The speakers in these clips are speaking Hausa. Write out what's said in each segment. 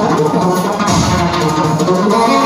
Thank you.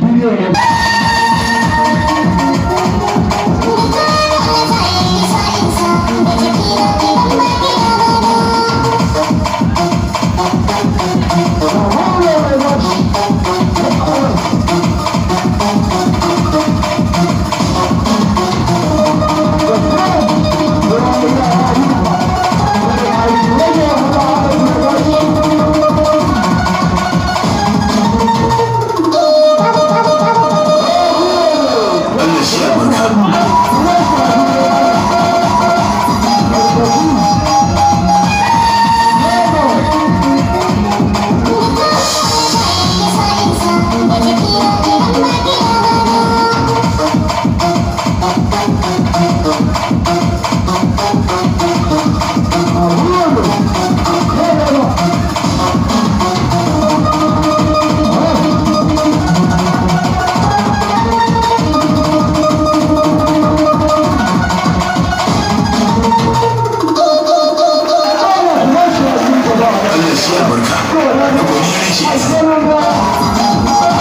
Video shi albarka da kuma shi